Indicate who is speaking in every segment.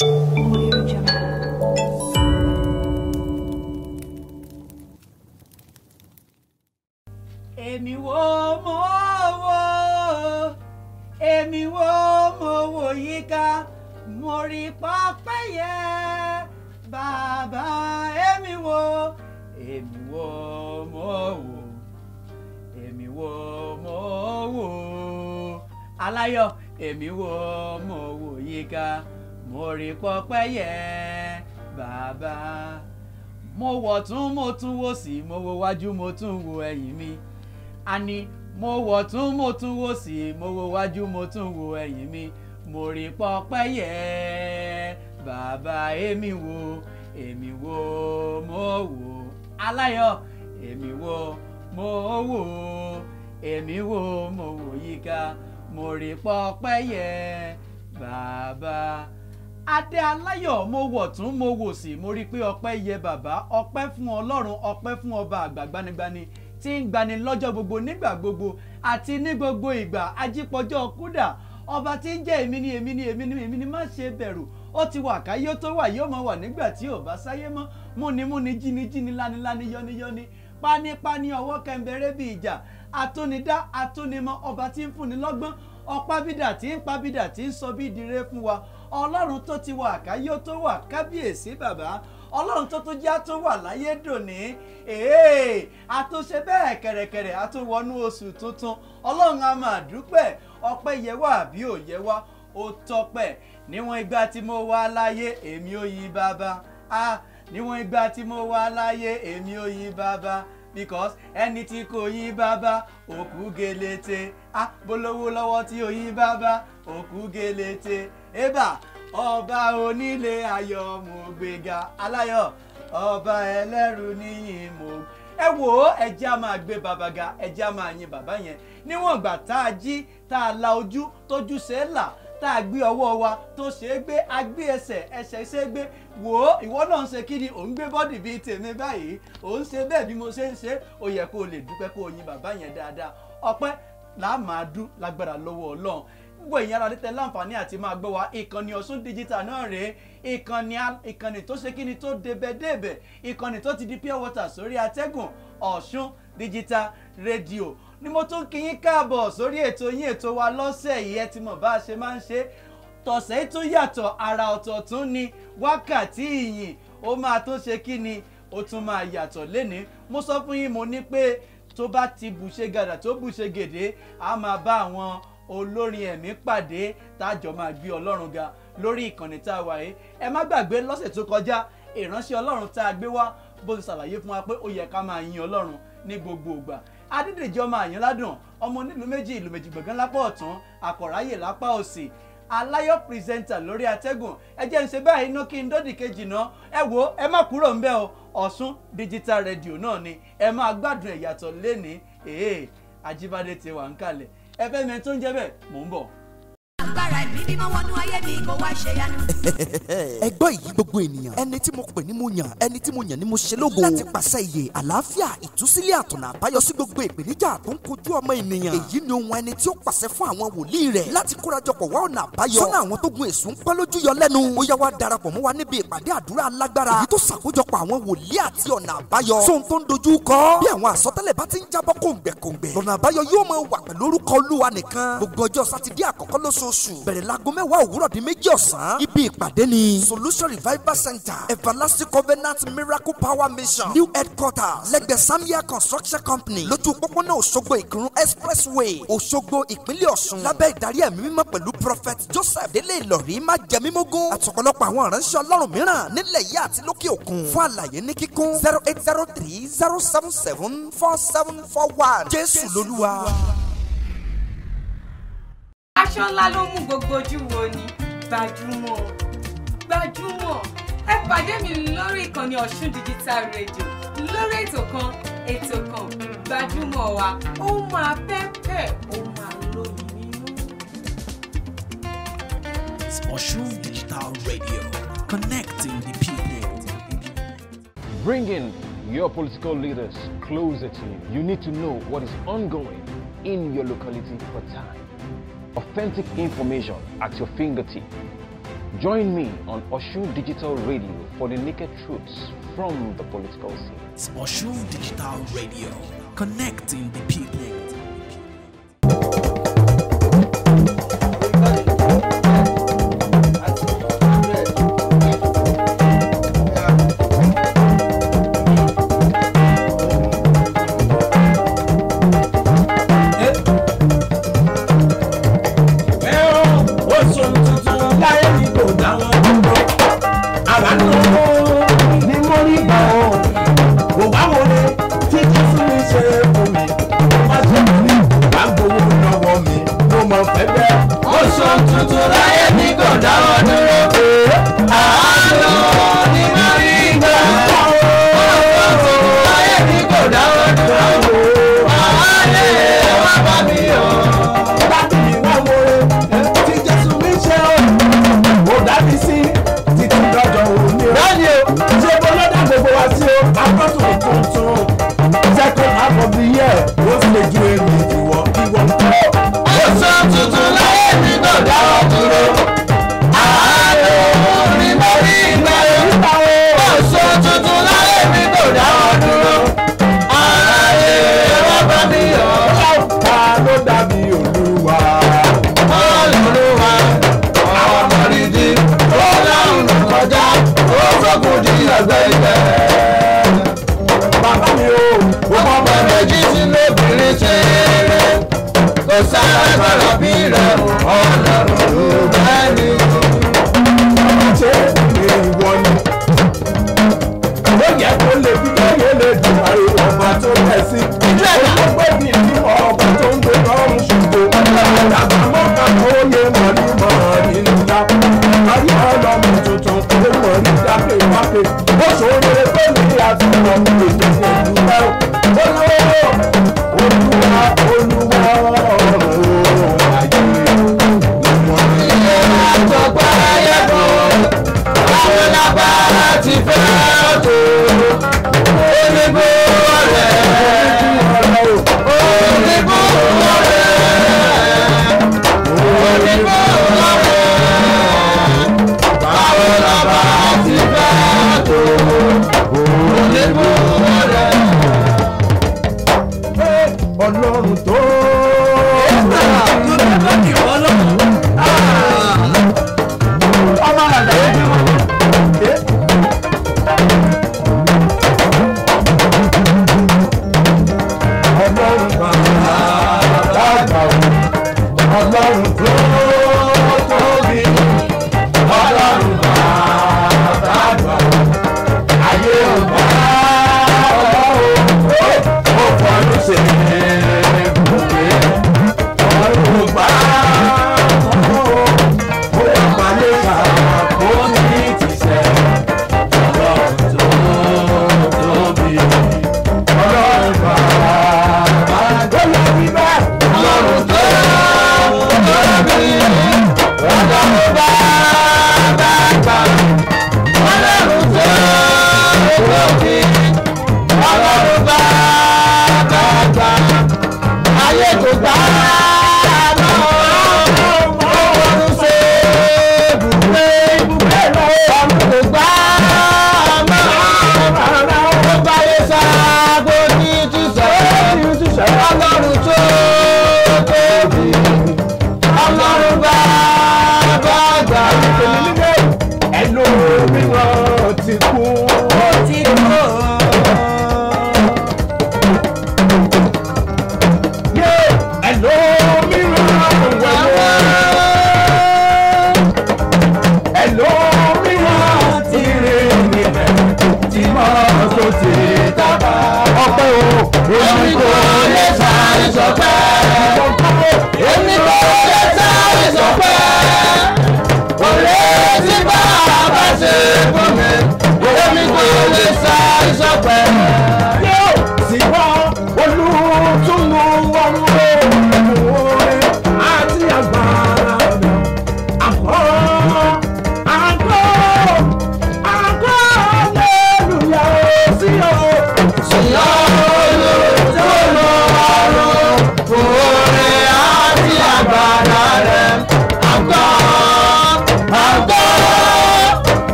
Speaker 1: èmi wo
Speaker 2: mo wo èmi wo mo wo yíká mo rí pọ́pẹ́ yẹ bàbá èmi wo èmi wo mo wo èmi wo mo wo aláyọ̀ èmi wo mo wo yíká mo rí pọpẹ́ yẹ bàbá mo wọ̀ tún mo tún wò sí mo wo wájú mo tún wo ẹ̀yìn mi àní mo wọ̀ tún mo tún wò sí mo wo wájú mo tún wo ẹ̀yìn mi mo rí pọpẹ́ yẹ bàbá èmi wo èmi wo mo wò aláyọ̀ èmi wo mo wò èmi wo mo wò yíká mo rí pọpẹ́ yẹ bàbá adé aláyọ̀ mo wọ̀ tún mo wò sí mo rí i pé ọpẹ́ yẹ bàbá ọpẹ́ fún ọlọ́run ọpẹ́ fún ọba àgbà gbanigbani tí ń gbani lọ́jọ́ gbogbo nígbà gbogbo àti ní gbogbo ìgbà ajípọ̀jọ́ kúdà ọba tí ń jẹ́ èmi ni èmi ni èmi ni èmi ni má ṣe bẹ̀rù ó ti wà káyé tó wà yóò mọ wà nígbà tí ò bá sáyé mọ́ múnimúni jínijíni lániláni yọ́niyọ́ni pánípáni ọwọ́ kẹ́ńbẹ́rẹ́ bí ìjà àtúnidá àtúnimọ̀ ọba tí ń fúnni lọ́gbọ́n ọ̀pábídà tí ń pábídà tí ń sọ bí ìdíre fún wa ọlọ́run tó ti wà káyé tó wà kábíyèsí bàbá ọlọ́run tó tó já tó wà láyé dòní èè àtúnṣe bẹ́ẹ̀ kẹ̀rẹ̀kẹ̀rẹ̀ àtúnwọnú oṣù tuntun ọlọ́run a máa dúpẹ́ ọpẹ́ yẹ wá àbí ò yẹ wá ó tọpẹ́ níwọ̀n ìgbà tí mo wà láyé èmi ò yí bàbá a níwọ̀n ìgbà tí mo wà láyé èmi ò yí bàbá because ẹni tí kò yí bàbá òkú gelete a bolówó lọ́wọ́ tí ò yí bàbá òkú gelete ébà ọba onílé ayọ̀ mo gbéga aláyọ̀ ọba ẹlẹ́rù níyìn mo ẹ wo ó ẹjẹ́ a máa gbé bàbá ga ẹjẹ́ a máa yin bàbá yẹn níwọ̀n ìgbà tá a jí tá a la ojú tójú ṣe é là tá a gbé ọwọ́ wa tó ṣe é gbé a gbé ẹsẹ̀ ẹsẹ̀ ṣe é gbé wò ó ìwọ náà ń ṣe kí ni òun gbé bọ́dì bíi tèmi báyìí òun ṣe bẹ́ẹ̀ bí mo ṣe ń ṣe ó yẹ kó o lè dúpẹ́ kó o yin bàbá yẹn dáadáa ọpẹ́ làá máa dún lágbára lọ́wọ́ ọlọ́run gbogbo ẹ̀yin ará tẹ láǹfààní àti máa gbọ́ wa ìkànnì Ọ̀ṣun digital náà rèé ìkànnì ìkànnì tó ṣe kíni tó débẹ̀débẹ̀ ìkànnì tó ti di pure water sórí atẹ́gùn Ọ̀ṣun digital radio ni mo tún kí yín káàbọ̀ sórí ètò yín ètò wa lọ́sẹ̀ yìí ẹ ti mọ̀ bá a ṣe máa ń ṣe tọ̀sẹ̀ tó yàtọ̀ àrà ọ̀tọ̀ ni wákàtí ìyìn ó máa tún ṣe kíni ó tún máa yàtọ̀ lénìí mo sọ fún yín mo ní pé tó bá ti bù gàdà tó bù gèdè á máa bá àwọn olórin ẹ̀mí pàdé tájọ máa gbé ọlọ́run ga lórí ìkànnì tá a wà yìí ẹ má gbàgbé lọ́sẹ̀ tó kọjá ìránṣẹ́ ọlọ́run tá a gbé wá bó ti ṣàlàyé fún wa pé ó yẹ ká máa yin ọlọ́run ní gbogbo ìgbà adídèjì ọmọ àyàn ládùn ọmọ onílùú méjì ìlú méjì gbọ̀ngàn lápá ọ̀tún àkọ̀ráyè lápá òsì aláyọ̀ pírẹsẹ̀ntà lórí atẹ́gùn ẹ jẹ́ ń ṣe báyìí ná kí n dọ́dì kejì ná ẹ wo ẹ má kúrò ńbẹ̀ o Ọ̀ṣun digital radio náà ni ẹ máa gbádùn ẹ̀yàtọ̀ lẹ́ni ẹ̀ẹ́ Ajíbádé ti wà ń kalẹ̀ ẹ fẹ́ mẹ tó ń jẹ́ bẹ́ẹ̀ mò ń bọ̀
Speaker 1: agbára ẹ̀mí mímọ́ wọnú ayé mi kò wá ṣe
Speaker 3: gbogbo ènìyàn ẹni tí mo pè ní mo yàn ẹni tí mo yàn ni mo ṣe lógo láti pàṣẹ iye àlàáfíà ìtúsílẹ̀ àtọ̀nà àbáyọ sí gbogbo ìpèníjà tó ń kojú ọmọ ènìyàn èyí ni ohun ẹni tí ó pàṣẹ fún àwọn wòlíì rẹ̀ láti kórajọpọ̀ wá ọ̀nà àbáyọ sọ́nà àwọn tó gun èsùn pẹ́ lójú yọ lẹ́nu ó yá wá darapọ̀ mọ́ wa níbi ìpàdé àdúrà alágbára èyí tó ṣàkójọpọ̀ àwọn wòlíì àti ọ̀nà àbáyọ sóhun tó ń dojú kọ bí àwọn àsọtẹ́lẹ̀ lóṣooṣù bẹ̀rẹ̀ láago mẹ́wàá òwúrọ̀ di méjì ọ̀sán ibi ìpàdé ni solution revival center everlasting covenant miracle power mission new headquarters lẹ́gbẹ̀ẹ́ samia construction company lójú pópónà òṣogbo ìkírun expressway òṣogbo ìpínlẹ̀ ọ̀ṣun lábẹ́ ìdarí ẹ̀mí mímọ́ pẹ̀lú prophet joseph délé ìlọ̀rí má jẹ mímógún àtọ̀pọ̀lọpọ̀ àwọn ìránṣẹ́ ọlọ́run mìíràn nílẹ̀ yìí àti lókè òkun fún àlàyé ní kíkún zero eight zero three zero seven seven four seven four one jésù lolúwa
Speaker 1: aṣọ ńlá ló mú gbogbo ojú wo ni gbajúmọ̀ gbajúmọ̀ ẹ pàdé mi lórí ìkànnì Ọ̀ṣun digital radio lórí ètò kan ètò kan gbajúmọ̀ wa ó máa pẹ́pẹ́ ó máa lóyún nínú.
Speaker 2: Ọ̀ṣun digital radio connecting the people.
Speaker 4: Bringing your political leaders closer to you. You need to know what is ongoing in your locality for time. authentic information at your fingertips. Join me on Oshu Digital Radio for the naked truths from the political
Speaker 2: scene. It's Oshu Digital Radio, connecting the people. Yeah.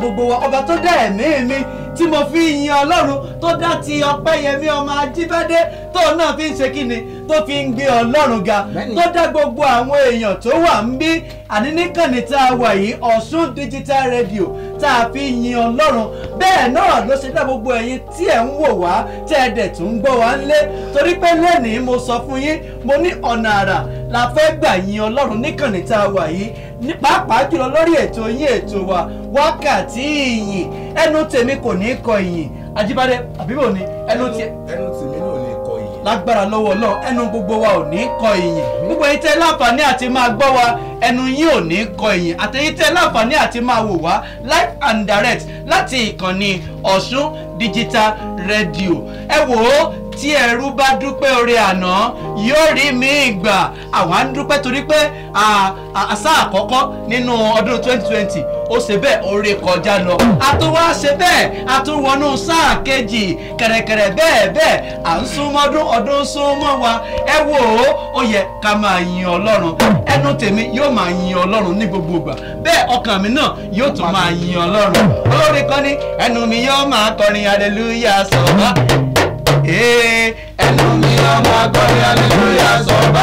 Speaker 2: gbogbo wa ọba tó dá ẹ̀mí mi tí mo fi yin ọlọ́run tó dá ti ọpẹ́yẹmí ọmọ ajíbádé tó náà fi ń ṣe kíni tó fi ń gbé ọlọ́run ga tó dá gbogbo àwọn èèyàn tó wà ń bí àní tá a wà yìí ọ̀ṣun digital radio tá a fi yin ọlọ́run bẹ́ẹ̀ náà ló ṣe dá gbogbo ẹ̀yin tí ẹ̀ ń wò wá tẹ́ ẹ dẹ̀ tún ń gbọ́ wá ń lé torí pé lónìí mo sọ fún yín mo ní ọ̀nà àrà la fẹ́ gbà yin ọlọ́run níkànnì tá a wà yìí ní pàápàá jùlọ lórí ètò yín ètò wa wákàtí ìyìn ẹnu tèmi kò ní kọ ìyìn Àjíbádé àbíbò ni ẹnu tiẹ̀.
Speaker 4: ẹnu tèmi náà ní kọ
Speaker 2: ìyìn. lágbára lọ́wọ́ Ọlọ́run ẹnu gbogbo wa ò ní kọ ìyìn gbogbo yín tẹ́ láǹfààní àti máa gbọ́ wa ẹnu yín ò ní kọ ìyìn àtẹ̀yìn tẹ́ láǹfààní àti máa wò wá live and direct láti ìkànnì Ọ̀ṣun digital radio ẹ wò ó tí ẹrú bá dúpẹ́ oore àná yóò rí mi gbà àwa ń dúpẹ́ torí pé àṣà àkọ́kọ́ nínú ọdún 2020 ó ṣe bẹ́ẹ̀ oore kọjá lọ a tún wá ṣe bẹ́ẹ̀ a tún wọnú sáà kejì kẹrẹkẹrẹ bẹ́ẹ̀ bẹ́ẹ̀ à ń súnmọ́ ọdún ọdún súnmọ́ wa ẹ wò ó ó yẹ ká máa yin ọlọ́run ẹnu tèmi yóò máa yin ọlọ́run ní gbogbo ìgbà bẹ́ẹ̀ ọkàn mi náà yóò tún máa yin ọlọ́run olórí kan ní ẹnu mi yóò máa kọrin hallelujah sọ̀rọ̀. ẹnu mi yóò máa kọrin aleluya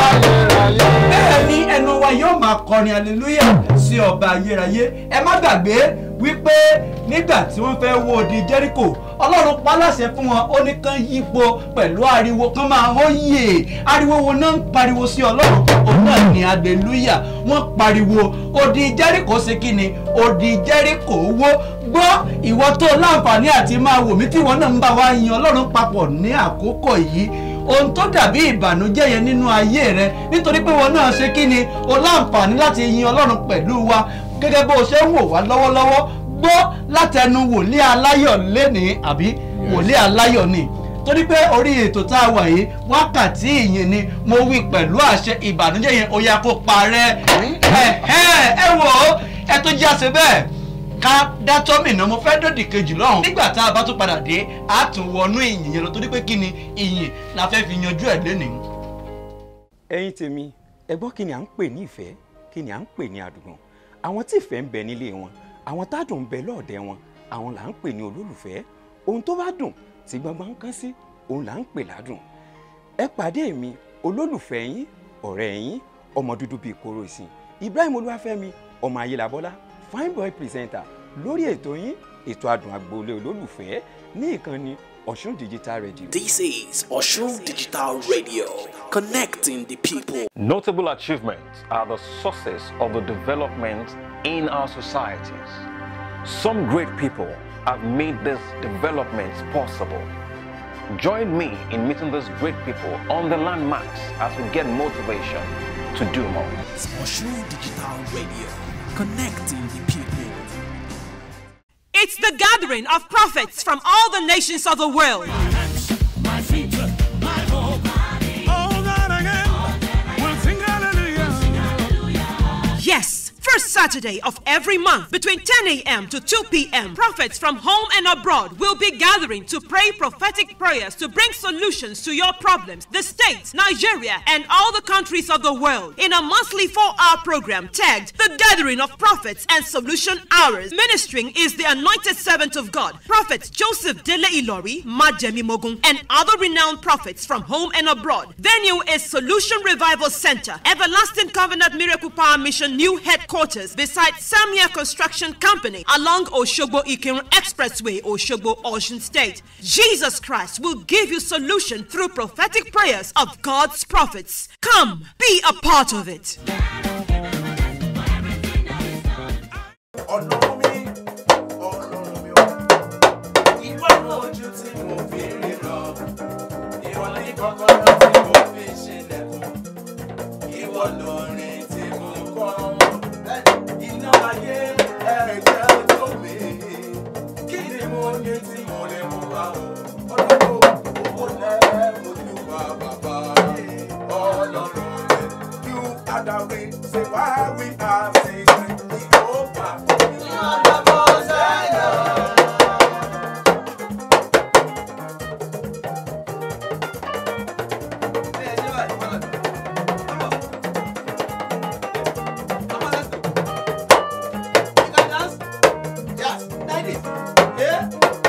Speaker 2: sí ọba ayérayé. bẹ́ẹ̀ ni ẹnu wa yóò máa kọrin aleluya sí ọba ayérayé ẹ má gbàgbé wípé nígbà tí wọ́n fẹ́ wó odi Jẹ́ríkò ọlọ́run paláṣẹ fún wọn ó ní kán yípo pẹ̀lú ariwo kán máa hó yè ariwo wo náà ń pariwo sí ọlọ́run òun náà ní aleluya wọ́n pariwo odi Jẹ́ríkò ṣe kí ni odi Jẹ́ríkò wó gbọ́ ìwọ tó láǹfààní àti máa wò mí tí ìwọ náà ń bá wa yin ọlọ́run papọ̀ ní àkókò yìí ohun tó dàbí ìbànújẹ́ yẹn nínú ayé rẹ nítorí pé wọn náà ṣe kí ni o láǹfààní láti yin ọlọ́run pẹ̀lú wa gẹ́gẹ́ bó o ṣe ń wò wá lọ́wọ́lọ́wọ́ gbọ́ látẹnu wòlíì aláyọ̀ lénìí àbí wòlíì aláyọ̀ ni torí pé orí ètò tá a wà yìí wákàtí ìyìn ni mo wí pẹ̀lú àṣẹ ìbànújẹ́ yẹn ó kó parẹ́ mm-hmm. ẹ wò ó tó já ká mìíràn mo fẹ́ dòdì kejì a bá tún padà dé a tún la fẹ́ yanjú ẹ gbọ́ kí àwọn tí ìfẹ́ ń bẹ nílé wọn àwọn tádùn ń bẹ lọ́ọ̀dẹ wọn àwọn là ń pè ní olólùfẹ́ ohun tó bá dùn tí gbọ́ngbọ́n kán sí òun là ń pè ládùn ẹ pàdé mi olólùfẹ́ yín ọ̀rẹ́ yín ọmọ dúdú bíi kóró ìsìn Ibrahim Olúwafẹ́mi ọmọ Ayélabọ́lá fine boy presenter lórí ètò yín ètò adùn agboolé olólùfẹ́ ní ìkànnì Oshun Digital Radio. This is Oshun Digital Radio, connecting the
Speaker 4: people. Notable achievements are the sources of the development in our societies. Some great people have made these developments possible. Join me in meeting these great people on the landmarks as we get motivation to do more.
Speaker 2: It's Oshun Digital Radio, connecting the people.
Speaker 1: It's the gathering of prophets from all the nations of the world. first Saturday of every month between 10 a.m. to 2 p.m., prophets from home and abroad will be gathering to pray prophetic prayers to bring solutions to your problems, the states, Nigeria, and all the countries of the world. In a monthly four hour program tagged The Gathering of Prophets and Solution Hours, ministering is the anointed servant of God, Prophet Joseph Dele Ilori, Majemi Mogun, and other renowned prophets from home and abroad. Venue is Solution Revival Center, Everlasting Covenant Miracle Power Mission New Headquarters. Besides beside Samia Construction Company along Oshogbo Ikiru Expressway, Oshogbo, Ocean State. Jesus Christ will give you solution through prophetic prayers of God's prophets. Come, be a part of it.
Speaker 4: Like Yeah?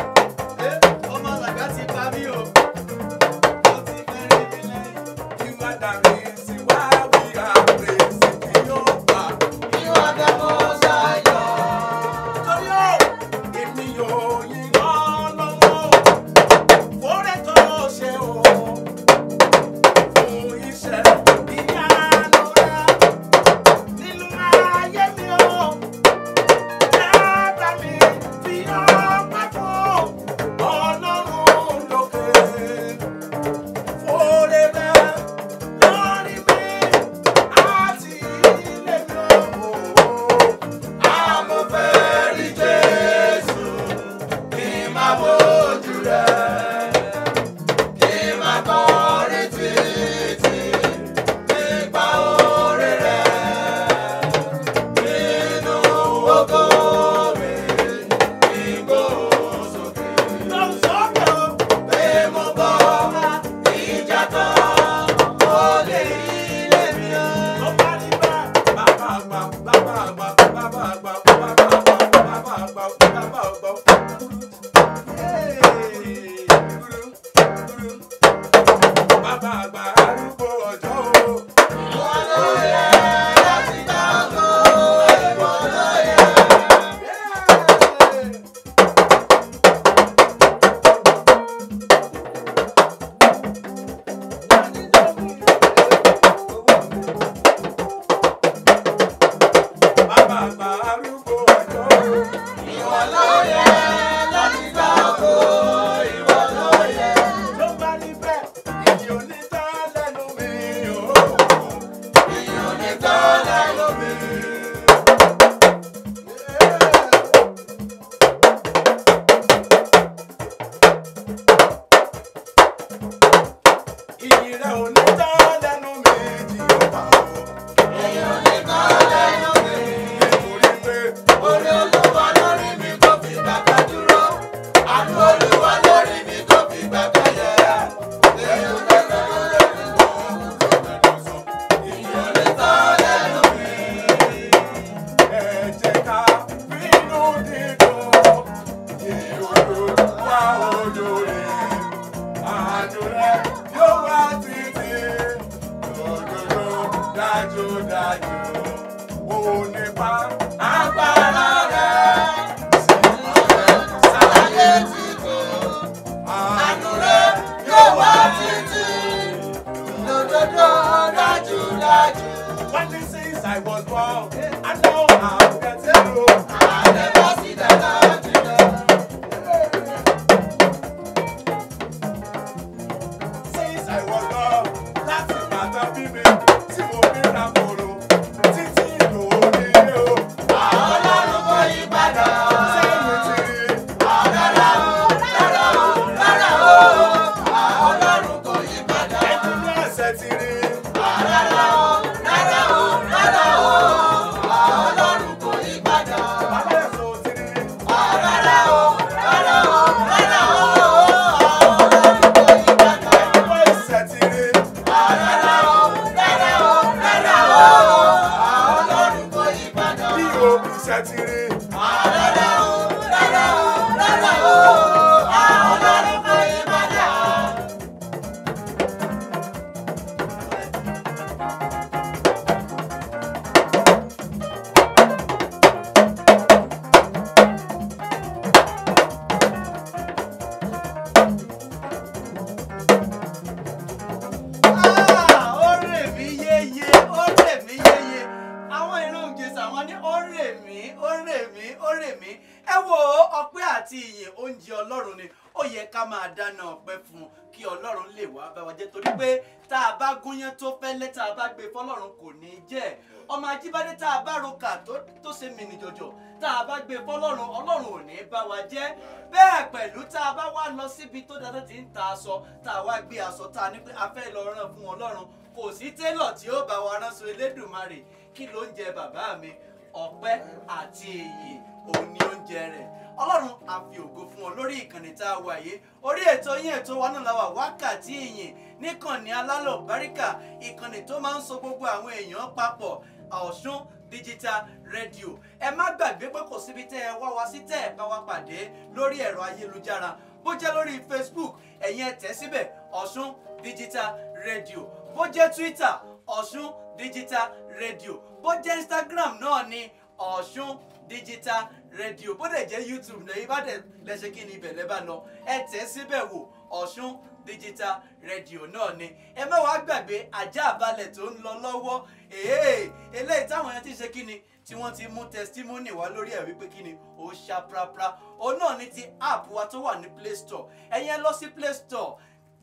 Speaker 4: I was wrong. I know I'm getting old. I never see the light.
Speaker 2: ọlọ́run lè wá bá wa jẹ́ torí pé tá a bá gúnyán tó fẹ́lẹ́ tá bá gbé fọlọ́run kò ní í jẹ́ ọmọ ajíbádé tá a bá roka tó ṣe mìnì jọ̀jọ̀ tá a bá gbé fọlọ́run ọlọ́run ò ní í bá wa jẹ́ bẹ́ẹ̀ pẹ̀lú tá a bá wá lọ síbi tó dáadáa ti ń ta aṣọ tá a wá gbé aṣọ tá a ní pé a fẹ́ lọ rán fún ọlọ́run kò sí télọ̀ tí ó bá wa ránṣọ elédùnmarè kí ló ń jẹ bàbá mi ọpẹ́ àti èyí òun ni oúnjẹ rẹ̀ ọlọ́run á fi ògo fún ọ lórí ìkànnì tá a wà yìí orí ètò yín ètò wa náà la wà wákàtí ìyìn níkànnì alálòbáríkà ìkànnì tó máa ń so gbogbo àwọn èèyàn papọ̀ Ọ̀ṣun digital radio ẹ má gbàgbé pé kò síbi tẹ́ ẹ wá wa sí tẹ́ ẹ bá wa pàdé lórí ẹ̀rọ ayélujára bó jẹ́ lórí Facebook ẹ̀yin ẹ tẹ̀ síbẹ̀ Ọ̀ṣun digital radio bó jẹ́ Twitter Ọ̀ṣun digital radio bó jẹ́ Instagram náà ni Ọ̀ṣun digital radio bó dẹ̀ jẹ́ youtube lẹ́yìn bá dẹ̀ lẹ́sẹ̀ kí ni ibẹ̀ lẹ́bàá lọ ẹ tẹ̀ síbẹ̀ wò ọ̀ṣun digital radio náà ni ẹ má wá gbàgbé ajá àbálẹ̀ tó ń lọ lọ́wọ́ èèè eléyìí táwọn yẹn ti ṣe kí ni tí wọ́n ti mú testimony wá lórí ẹ̀ wípé kí ni ó ṣàprapra òun náà ni ti app wa tó wà ní play store ẹ̀yin ẹ lọ sí play store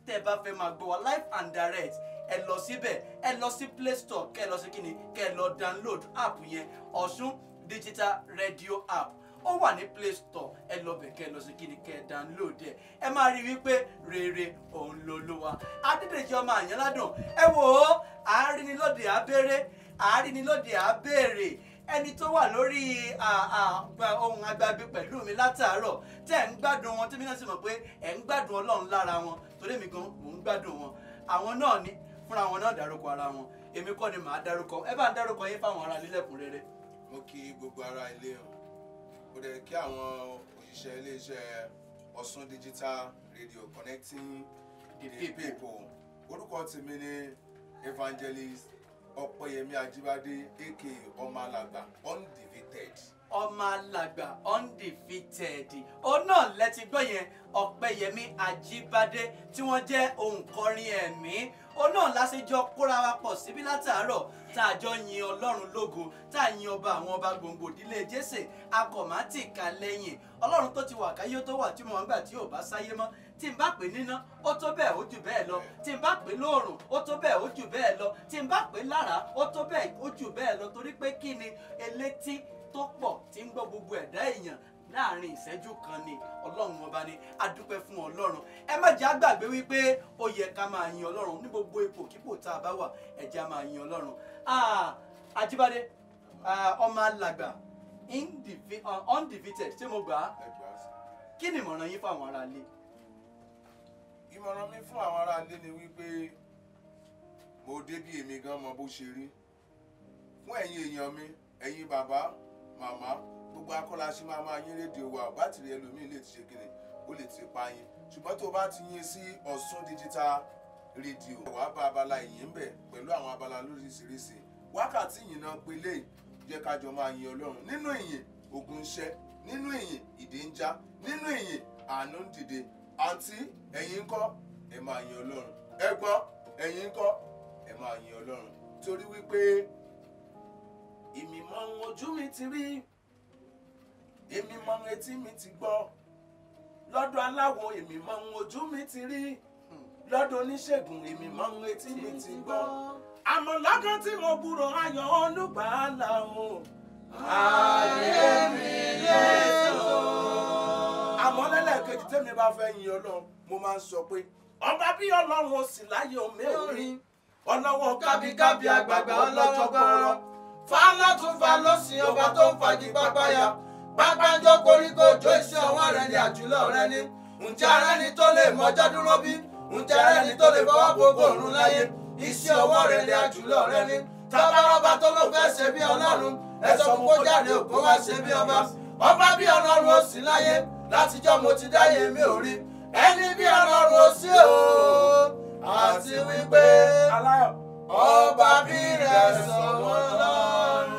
Speaker 2: tẹ́ ẹ bá fẹ́ máa gbọ́ wa live and direct ẹ lọ síbẹ̀ ẹ lọ sí play store kẹ́ ẹ lọ sí kí ni kẹ́ ẹ lọ download app yẹn ọ̀ṣun digital radio app ó wà ní play store ẹ lọ bẹ̀ kẹ́ ẹ lọ sí kí ni kẹ́ ẹ download ẹ ẹ máa rí wípé rere òun ló ló wa adédèjì ọmọ àyànládùn ẹ wò ó àárínilóde abẹ́rẹ́ àárínilóde abẹ́rẹ́ ẹni tó wà lórí ohun agbábí pẹ̀lú mi látàárọ̀ tẹ́ ẹ̀ ń gbádùn wọn tí mi náà sì mọ̀ pé ẹ̀ ń gbádùn ọlọ́run lára wọn torí mi gan mò ń gbádùn wọn àwọn náà ní fúnra wọn náà dárúkọ ara wọn èmi kọ́ ni màá dárúkọ ẹ bá ń dárúkọ yín fáwọn ará nílẹ̀kùn rere mo kí gbogbo ará ilé o
Speaker 4: mo dẹ̀ kí àwọn òṣìṣẹ́ iléeṣẹ́ Ọ̀ṣun digital radio connecting the people orúkọ tèmi ni evangelist ọ̀pẹ̀yẹmí ajíbádé aka ọmọ alàgbà
Speaker 2: undefeated. ọmọ alàgbà undefeated òun náà lẹ gbọ́ yẹn ọ̀pẹ̀yẹmí ajíbádé tí wọ́n jẹ́ òǹkọrin ẹ̀mí òun náà la ṣe jọ kóra wa pọ̀ síbí látàárọ̀ tá a jọ yin ọlọ́run lógo tá a yin ọba àwọn ọba gbòǹgbò ìdílé jésè akọ̀mátì kà lẹ́yìn ọlọ́run tó ti wà káyé tó wà tí mo ń gbà tí ò bá sáyé mọ́ tí n bá pè níná ó tó bẹ́ẹ̀ ó jù bẹ́ẹ̀ lọ tí n bá pè lóòrùn ó tó bẹ́ẹ̀ ó jù bẹ́ẹ̀ lọ tí n bá pè lára ó tó bẹ́ẹ̀ ó jù bẹ́ẹ̀ lọ torí pé kí ni elétí tó pọ̀ tí ń gbọ́ gbogbo ẹ̀dá èèyàn láàrin ìṣẹ́jú kan ni ọlọ́run ọba ni adúpẹ́ fún ọlọ́run ẹ má jẹ́ àgbàgbé wípé ó yẹ ká máa yin ọlọ́run ní gbogbo ipò kípò tá a bá wà ẹ jẹ́ máa yin ọlọ́run àjíbádé ọmọ alàgbà uh, undefeated ṣé mo gbà á kí ni ìmọ̀ràn yín fáwọn ará ilé.
Speaker 4: ìmọ̀ràn mi fún àwọn ará ilé ni wípé mo dé bí èmi gan mọ bó ṣe rí fún ẹ̀yin èèyàn mi ẹ̀yin bàbá màmá gbogbo akọ́lá ṣe máa máa yín rédíò wa bátìrì ẹlòmíín lè ti ṣe kíni ó lè ti pa yín ṣùgbọ́n tó bá ti yín sí Ọ̀ṣun digital rédíò wàá bá abala ìyìn bẹ̀ pẹ̀lú àwọn abala lóríṣiríṣi wákàtí yìí náà pélé jẹ́ ká jọ máa yin Ọlọ́run nínú ìyìn ogun iṣẹ́ nínú ìyìn ìdè ń já nínú ìyìn àánú ń dìde àǹtí ẹ̀yin ńkọ́ ẹ máa yin Ọlọ́run ẹ̀gbọ́n ẹ̀yin ńkọ́ ẹ máa yin Ọlọ́run torí wípé ìmìmọ̀ ojú mi ti rí èmi mọ etí mi ti gbọ́ lọ́dọ̀ aláwo èmi mọ ojú mi ti rí lọ́dọ̀ oníṣègùn èmi mọ etí mi ti gbọ́ àmọ́ lọ́kàn tí mo gbúrò ayọ̀ olùgbàlà o. ayé mi lè tó. àmọ́ lẹ́lẹ́kejì tẹ́mi bá fẹ́ yin ọlọ́run mo máa ń sọ pé ọba bí ọlọ́run ó sì láyé omi òrin ọlọ́wọ́ kábíkábí àgbààgbà ọlọ́jọ́ gbọ́rọ̀ fa látúnfa lọ́sìn ọba tó ń fagi pápáyà pápánjọ́ koríko jó iṣẹ́ ọwọ́ rẹ ni àjùlọ rẹ ni ǹjẹ́ ara ẹni tó lè mọ́jọ́ dúró bí ǹjẹ́ ara ẹni tó lè fọwọ́ gbogbo òrùn láyé iṣẹ́ ọwọ́ rẹ ni àjùlọ rẹ ni tábàrọ̀bà tó ló fẹ́ ṣe bí ọlọ́run ẹ̀sọ́ fún kó jáde òkú wá ṣe bí ọba ọba bí ọlọ́run ó sì láyé látijọ́ mo ti dáyé mi ò rí ẹni bí ọlọ́run ó sí o
Speaker 1: àti wípé
Speaker 4: ọba bí rẹ̀ sọ̀rọ̀ lọ́rùn.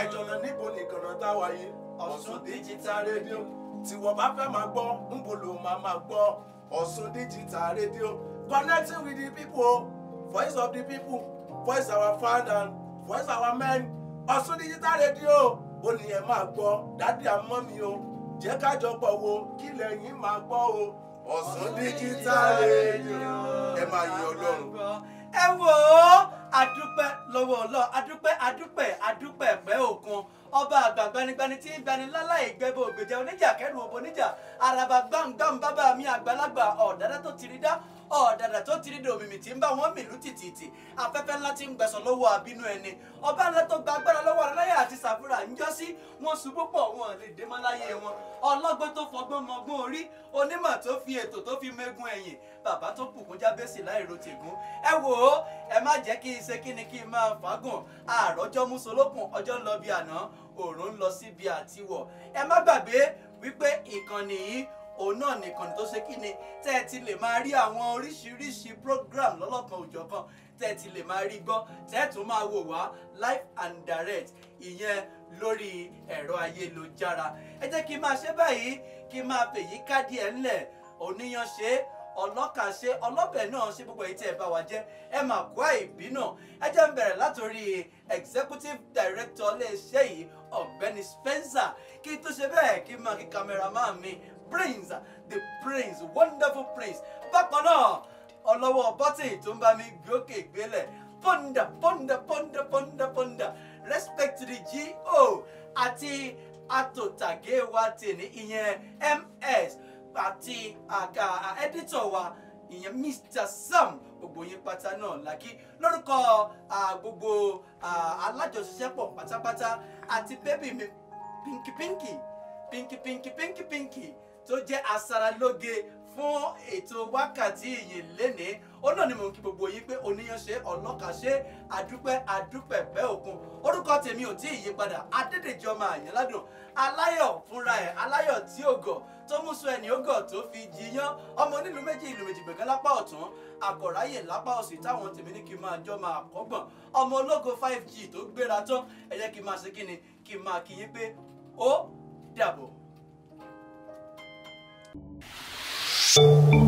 Speaker 4: ẹ̀jọ̀ lọ níbo nìkan náà táwa yìí. Ọ̀ṣun digital radio tí wọ́n bá fẹ́ máa gbọ́ ń bo máa máa gbọ́ Ọ̀ṣun digital radio connecting with the people voice of the people voice our founder voice our men Ọ̀ṣun digital radio ó ní ẹ máa gbọ́ dádì àmọ́ mi o jẹ́ kájọ pọ̀ wo kí lẹ́yìn máa gbọ́ o Ọ̀ṣun digital radio ẹ máa yìn Ọlọ́run.
Speaker 2: ẹ wò ó adúpẹ́ lọ́wọ́ ọlọ́ adúpẹ́ adúpẹ́ adúpẹ́ pẹ́ òkun ọba àgbàgbanigbani tí ń gbani láláì gbẹ́bọ̀ ògbèjà oníjà kẹrù òbò níjà àràbà gbàǹgbàǹ bàbá mi àgbàlagbà ọ̀dádá tó tìrí dá ọ̀dàdà tó ti dídò òmìmì tí ń bá wọn mìlú tìtìtì afẹ́fẹ́ ńlá tí ń gbẹ̀sọ̀ lọ́wọ́ àbínú ẹni ọba ńlá tó gba agbára lọ́wọ́ aláyà àti sàfúrà ń jọ́sí wọn ṣubú pọ̀ wọn lè dé mọ́láyé wọn ọlọ́gbọ́n tó fọgbọ́n mọgbọ́n orí onímọ̀ tó fi ètò tó fi mẹ́gun ẹ̀yìn bàbá tó bùkún jábẹ́sì láìro tègún ẹ wò ó ẹ má jẹ́ kí n ṣe kí ni kí n máa fagùn àròjọ́ musolókun ọjọ́ ń lọ bí àná òòrùn ń lọ síbi àtiwọ̀ ẹ má gbàgbé wípé ìkànnì yìí òun náà nìkan tó ṣe kí ni tẹ́ ẹ ti lè máa rí àwọn oríṣiríṣi program lọ́lọ́kan òjọ̀kan tẹ́ ẹ ti lè máa rí gbọ́ tẹ́ ẹ tún máa wò wá live and direct ìyẹn lórí ẹ̀rọ ayélujára ẹ jẹ́ kí n máa ṣe báyìí kí n máa fèyí káàdì ẹ̀ ńlẹ̀ oníyanṣe ọlọ́ka ṣe ọlọ́bẹ̀ náà ṣe gbogbo èyí tí ẹ bá wa jẹ́ ẹ máa kó àìbí náà ẹ jẹ́ ń bẹ̀rẹ̀ látòrí executive director iléeṣẹ́ yìí ọ̀gbẹ́ni Spencer kí n tó ṣe bẹ́ẹ̀ kí n máa kí cameraman mi prince the prince wonderful prince bákan náà ọlọ́wọ́ bọ́tìn tó ń bá mi gbókè gbélẹ̀ pọ́ndà pọ́ndà pọ́ndà pọ́ndà pọ́ndà respect the G.O. àti atòtàgé wa tèmi ìyẹn ms àti àga editor wa ìyẹn mr sam gbogbo yín pátá náà làkí lórúkọ gbogbo alájọṣiṣẹ́pọ̀ pátápátá àti bébì mi pinky pinky pinky pinky pinky pinky. pinky tó jẹ́ asaralóge fún ètò wákàtí ìyìn lénìí ó náà ni mò ń kí gbogbo yín pé oníyanṣe ọlọ́kàṣe àdúpẹ́ àdúpẹ́ pẹ́ òkun orúkọ tèmi ò tí ì yípadà adédèjì ọmọ àyànládùn aláyọ̀ fúnra ẹ̀ aláyọ̀ tí ò gọ̀ tó mú sọ ẹni ó gọ̀ tó fi jiyán ọmọ onílùú méjì ìlú méjì gbẹ̀gán lápá ọ̀tún àkọ̀ráyè lápá òsì táwọn tèmi ní kí máa jọ máa kọ́gbọ̀n ọmọ ológo 5G tó gbéra tán ẹ jẹ́ kí n máa ṣe kí ni kí máa kí pé ó
Speaker 1: dàbọ̀. Thank you.